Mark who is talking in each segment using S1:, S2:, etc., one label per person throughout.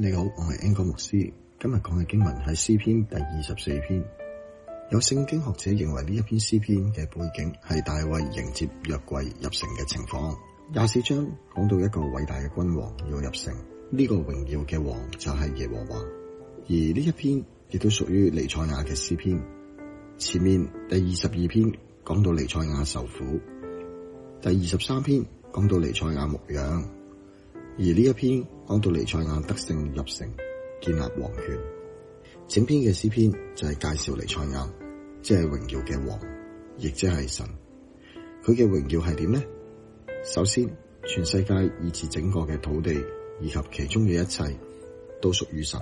S1: 你好，我係英哥牧師。今日講嘅經文係詩篇第二十四篇。有聖經學者認為呢一篇詩篇嘅背景係大衛迎接約櫃入城嘅情況。廿四章講到一個偉大嘅君王要入城，呢、這個榮耀嘅王就係耶和華。而呢一篇亦都屬於彌賽亞嘅詩篇。前面第二十二篇講到彌賽亞受苦，第二十三篇講到彌賽亞牧養，而呢一篇。講到彌賽亞得勝入城，建立王權。整篇嘅詩篇就係介紹彌賽亞，即係榮耀嘅王，亦即係神。佢嘅榮耀係點呢？首先，全世界以至整個嘅土地以及其中嘅一切，都屬於神。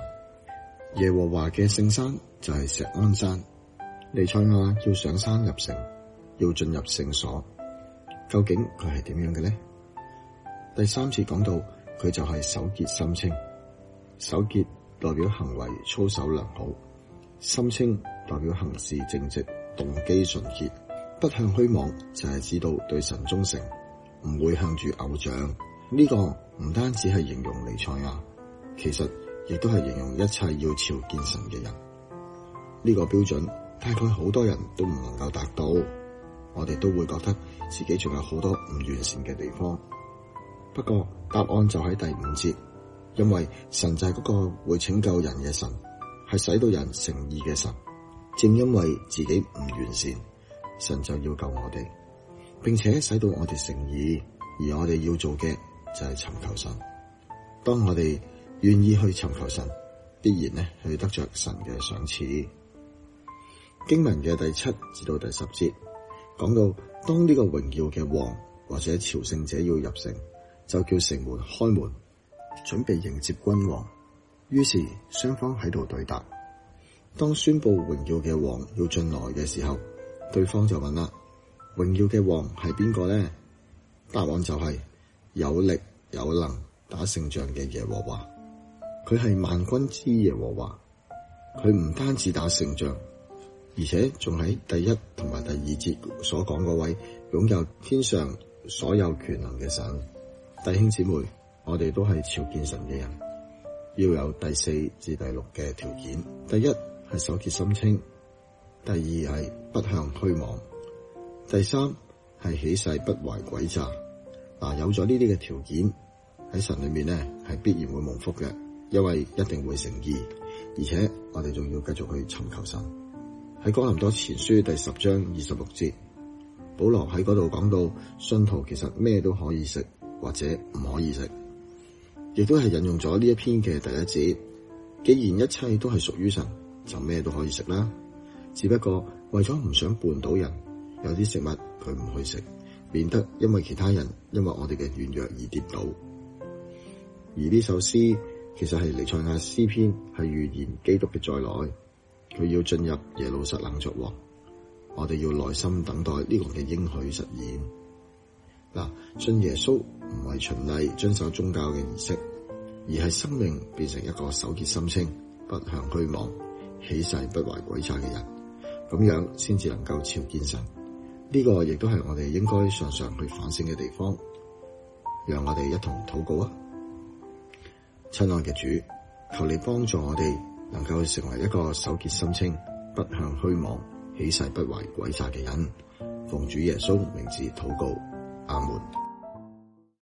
S1: 耶和華嘅聖山就係錫安山。彌賽亞要上山入城，要進入聖所。究竟佢係點樣嘅呢？第三次講到。佢就係手潔心清，手潔代表行為操守良好，心清代表行事正直，動機純潔，不向虛妄，就係知道對神忠誠，唔會向住偶像。呢、這個唔單止係形容彌賽亞啊，其實亦都係形容一切要朝見神嘅人。呢、這個標準，大概好多人都唔能夠達到，我哋都會覺得自己仲有好多唔完善嘅地方。不過答案就喺第五節，因為神就係嗰個會拯救人嘅神，係使到人成義嘅神。正因為自己唔完善，神就要救我哋，並且使到我哋成義。而我哋要做嘅就係尋求神。當我哋願意去尋求神，必然咧去得着神嘅賞賜。經文嘅第七至到第十節講到，當呢個榮耀嘅王或者朝聖者要入城。就叫城門開門，準備迎接君王。於是雙方喺度對答。當宣布榮耀嘅王要進來嘅時候，對方就問啦：榮耀嘅王係邊個呢？答案就係有力有能打勝仗嘅耶和華。佢係萬軍之耶和華。佢唔單止打勝仗，而且仲喺第一同埋第二節所講嗰位擁有天上所有權能嘅神。弟兄姊妹，我哋都係朝見神嘅人，要有第四至第六嘅條件。第一係手潔心清，第二係不向虛妄，第三係起誓不懷詭詐。嗱、啊，有咗呢啲嘅條件喺神裏面咧，係必然會蒙福嘅，因為一定會成義。而且我哋仲要繼續去尋求神，喺哥林多前書第十章二十六節，保羅喺嗰度講到，信徒其實咩都可以食。或者唔可以食，亦都係引用咗呢一篇嘅第一節。既然一切都係屬於神，就咩都可以食啦。只不過為咗唔想絆倒人，有啲食物佢唔去食，免得因為其他人因為我哋嘅軟弱而跌倒。而呢首詩其實係彌賽亞詩篇，係預言基督嘅再來，佢要進入耶路撒冷作王。我哋要耐心等待呢個嘅應許實現。嗱，信耶穌唔係循例遵守宗教嘅儀式，而係生命變成一個手潔心清、不向虛妄、起誓不懷詭詐嘅人，咁樣先至能夠朝見神。呢個亦都係我哋應該常常去反省嘅地方。讓我哋一同禱告啊！親愛嘅主，求你幫助我哋能夠成為一個手潔心清、不向虛妄、起誓不懷詭詐嘅人。奉主耶穌名字禱告。阿門。